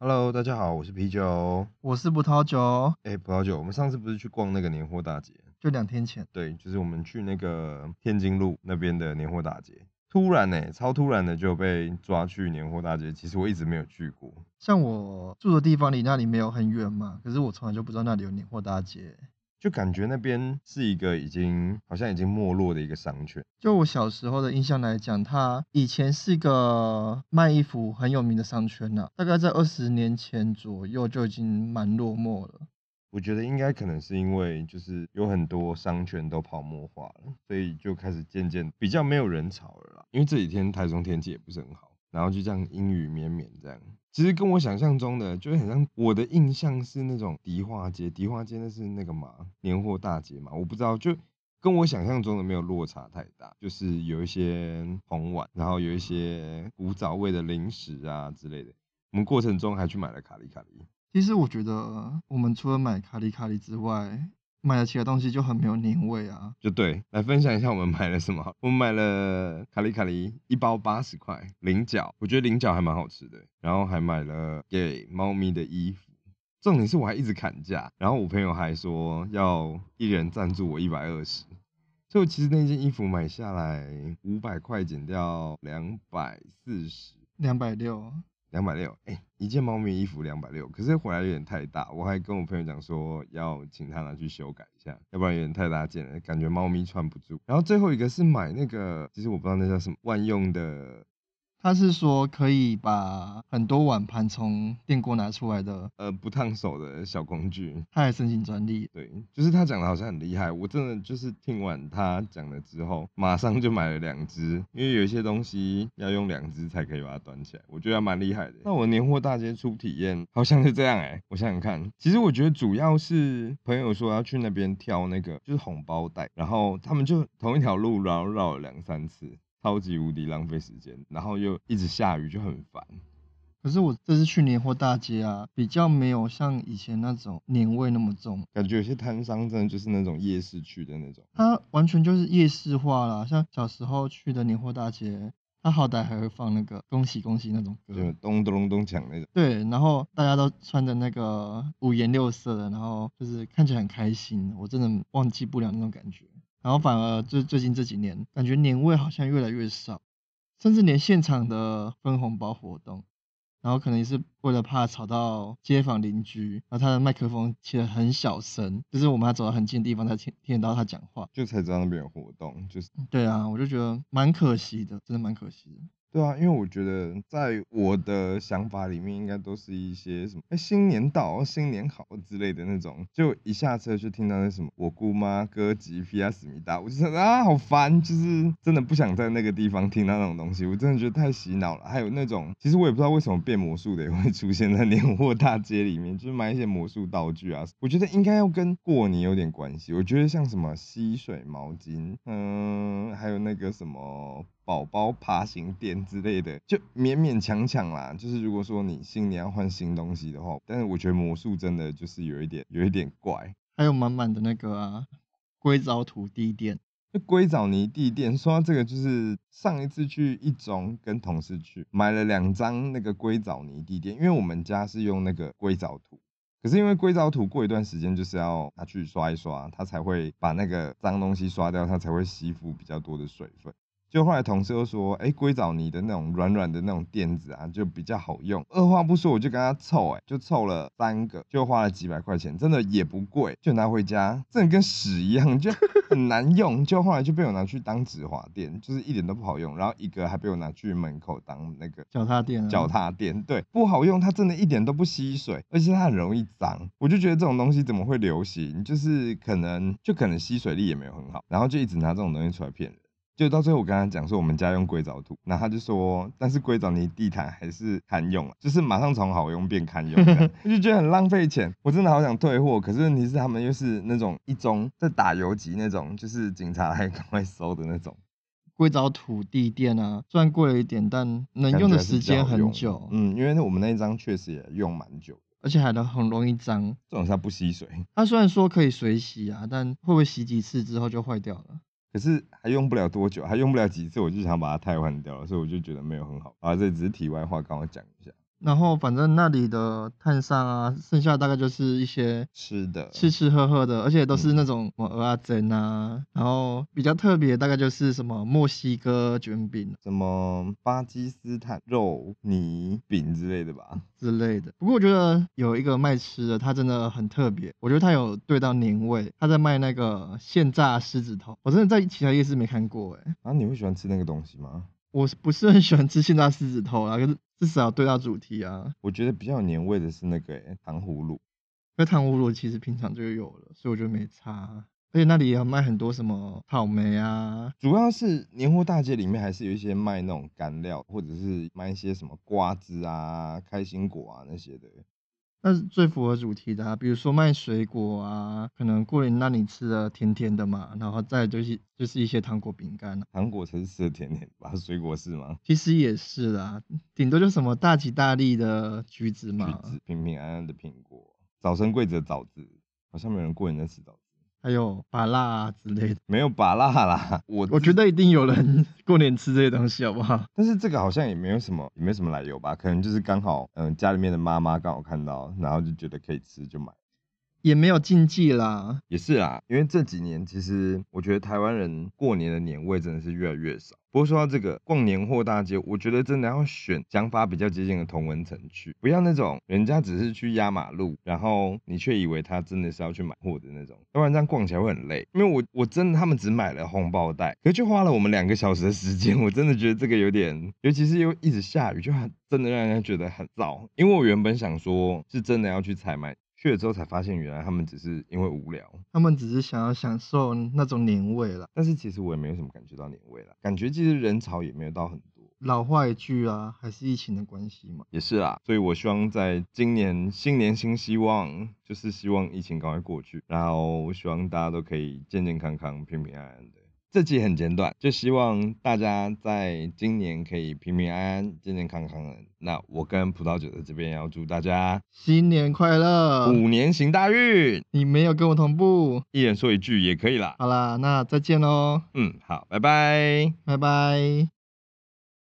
Hello，大家好，我是啤酒，我是葡萄酒。誒、欸、葡萄酒，我們上次不是去逛那個年貨大街？就兩天前。對，就是我們去那個天津路那邊的年貨大街。突然、欸，呢，超突然的就被抓去年貨大街。其實我一直沒有去過，像我住的地方離那裡沒有很遠嘛，可是我從來就不知道那裡有年貨大街。就感覺那邊是一個已經好像已經沒落的一個商圈。就我小時候的印象來講，它以前是一個賣衣服很有名的商圈吶啊，大概在二十年前左右就已經蠻落寞了。我覺得應該可能是因為就是有很多商圈都泡沫化了，所以就開始漸漸比較沒有人潮了啦。因為這幾天台中天氣也不是很好。然後就這樣陰雨綿綿，這樣其實跟我想象中的就很像。我的印象是那種迪化街，迪化街那是那個嘛年貨大街嘛，我不知道，就跟我想象中的沒有落差太大，就是有一些紅碗，然後有一些古早味的零食啊之類的。我們過程中還去買了卡里卡里。其實我覺得我們除了買卡里卡里之外，買了其他東西就很沒有年味啊，就對。來分享一下我們買了什麼了？我們買了卡里卡里一包八十塊、菱角，我覺得菱角還蠻好吃的。然後還買了給貓咪的衣服，重點是我還一直砍價。然後我朋友還說要一人贊助我一百二十，所以我其實那件衣服買下來五百塊，減掉兩百四十，兩百六，兩百六，哎、欸。一件貓咪衣服兩百六，可是回來有點太大，我還跟我朋友講說要請他拿去修改一下，要不然有點太大件了，感覺貓咪穿不住。然後最後一個是買那個，其實我不知道那叫什麼，萬用的。他是說可以把很多碗盤從電鍋拿出來的，呃，不燙手的小工具。他還申請專利，對，就是他講的好像很厲害。我真的就是聽完他講了之後，馬上就買了兩支，因為有一些東西要用兩支才可以把它端起來，我覺得蠻厲害的。那我年貨大街初體驗好像是這樣哎，我想想看，其實我覺得主要是朋友說要去那邊挑那個就是紅包袋，然後他們就同一條路然後繞了兩三次。超級無敵浪費時間，然後又一直下雨就很煩。可是我這次去年貨大街啊，比較沒有像以前那種年味那麼重。感覺有些攤商真的就是那種夜市去的那種，它完全就是夜市化了。像小時候去的年貨大街，它好歹還會放那個恭喜恭喜那種歌，就是、咚咚咚鏘那種。對，然後大家都穿的那個五顏六色的，然後就是看起來很開心，我真的忘記不了那種感覺。然後反而最最近這幾年，感覺年味好像越來越少，甚至連現場的分紅包活動，然後可能也是為了怕吵到街坊鄰居，然後他的麥克風起的很小聲，就是我們還走到很近的地方才聽聽得到他講話，就才知道那邊有活動，就是對啊，我就覺得蠻可惜的，真的蠻可惜的。對啊，因為我覺得在我的想法裡面，應該都是一些什麼哎、欸，新年到、啊，新年好之類的那種。就一下車就聽到那什麼，我姑媽哥吉皮阿斯密達，我就覺得啊好煩，就是真的不想在那個地方聽到那種東西，我真的覺得太洗腦了。還有那種，其實我也不知道為什麼變魔術的也會出現在年貨大街裡面，就是買一些魔術道具啊。我覺得應該要跟過年有點關係。我覺得像什麼吸水毛巾，嗯，還有那個什麼。寶寶爬行墊之類的，就勉勉強強啦。就是如果說你新年要換新東西的話，但是我覺得魔術真的就是有一點，有一點怪。還有滿滿的那個啊，硅藻土地墊，硅藻泥地墊。說到這個，就是上一次去一中跟同事去買了兩張那個硅藻泥地墊，因為我們家是用那個硅藻土，可是因為硅藻土過一段時間就是要拿去刷一刷，它才會把那個髒東西刷掉，它才會吸附比較多的水分。就後來同事又說，哎、欸，硅藻泥的那種軟軟的那種墊子啊，就比較好用。二話不說，我就跟他湊，哎，就湊了三個，就花了幾百塊錢，真的也不貴，就拿回家，真的跟屎一樣，就很難用。 就後來就被我拿去當止滑墊，就是一點都不好用。然後一個還被我拿去門口當那個腳踏墊，腳踏墊，對，不好用，它真的一點都不吸水，而且它很容易髒。我就覺得這種東西怎麼會流行？就是可能就可能吸水力也沒有很好，然後就一直拿這種東西出來騙人。就到最後，我跟他講說我們家用硅藻土，然後他就說，但是硅藻泥地毯還是堪用，就是馬上從好用變堪用，就覺得很浪費錢。我真的好想退貨，可是問題是他們又是那種一中在打游擊那種，就是警察還趕快收的那種硅藻土地墊啊，雖然貴了一點，但能用的時間很久。嗯，因為我們那一張確實也用蠻久，而且還能很容易髒。這種才不吸水。它雖然說可以水洗啊，但會不會洗幾次之後就壞掉了？可是還用不了多久，還用不了幾次，我就想把它汰換掉了，所以我就覺得沒有很好。啊，這只是題外話，剛好講一下。然後反正那裡的碳燒啊，剩下大概就是一些吃的，吃吃喝喝的，而且都是那種什麼蚵仔煎啊，嗯、然後比較特別大概就是什麼墨西哥捲餅，什麼巴基斯坦肉泥餅之類的吧，之類的。不過我覺得有一個賣吃的，他真的很特別，我覺得他有對到年味，他在賣那個現炸獅子頭，我真的在其他夜市沒看過哎、欸。啊，你會喜歡吃那個東西嗎？我不是很喜歡吃現在獅子頭啦，可是至少對到主題啊。我覺得比較有年味的是那個糖葫蘆，那糖葫蘆其實平常就有了，所以我就沒差。而且那裡也有賣很多什麼草莓啊，主要是年貨大街裡面還是有一些賣那種乾料，或者是賣一些什麼瓜子啊、開心果啊那些的。那是最符合主題的啊，比如說賣水果啊，可能過年讓你吃的甜甜的嘛，然後再就是就是一些糖果餅乾啊。糖果才是吃的甜甜的吧？水果是嗎？其實也是啦，頂多就什麼大吉大利的橘子嘛，橘子平平安安的蘋果，早生貴子的棗子，好像沒有人過年在吃棗子。還有把蠟啊之類的，沒有把蠟啦。我我覺得一定有人過年吃這些東西，好不好？ 但是這個好像也沒有什麼，也沒什麼來由吧。可能就是剛好，嗯，家裡面的媽媽剛好看到，然後就覺得可以吃，就買。也沒有禁忌啦，也是啦、啊。因為這幾年其實我覺得台灣人過年的年味真的是越來越少。不過說到這個逛年貨大街，我覺得真的要選想法比較接近的同文城區，不要那種人家只是去壓馬路，然後你卻以為他真的是要去買貨的那種，要不然這樣逛起來會很累。因為我我真的他們只買了紅包袋，可就花了我們兩個小時的時間，我真的覺得這個有點，尤其是又一直下雨就很，就真的讓人家覺得很燥，因為我原本想說是真的要去採買。去了之後才發現，原來他們只是因為無聊，他們只是想要享受那種年味了。但是其實我也沒有什麼感覺到年味了，感覺其實人潮也沒有到很多。老話一句啊，還是疫情的關係嘛。也是啊，所以我希望在今年新年新希望，就是希望疫情趕快過去，然後我希望大家都可以健健康康、平平安安的。這期很簡短，就希望大家在今年可以平平安安、健健康康的。那我跟葡萄酒在這邊也要祝大家新年快樂，五年行大運。你沒有跟我同步，一人說一句也可以啦。好啦，那再見嘍。嗯，好，拜拜，拜拜。